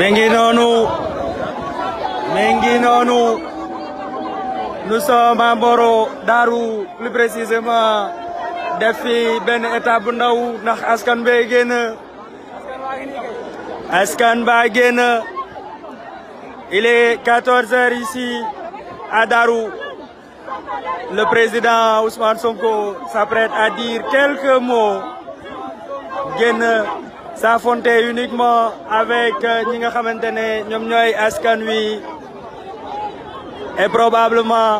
nous sommes à Mboro Daru, plus précisément Defi, Ben benn état bu ndaw askan Ba il est 14 h ici à Daru. le président Ousmane Sonko s'apprête à dire quelques mots s'affronter uniquement avec euh, ñi nga Nyomnyoy, ne et probablement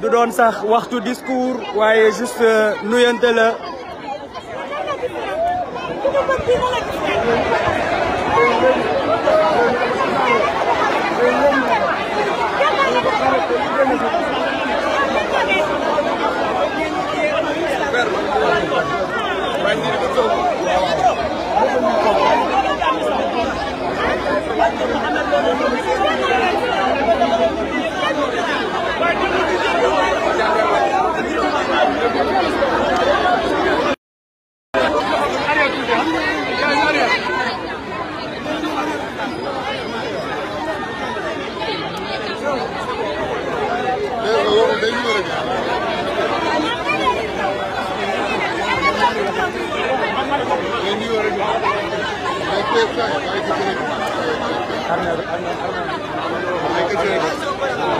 de donner sax waxtu discours juste juste euh, y la I'm not going to do it. I'm not going to do it. I'm not going to do it.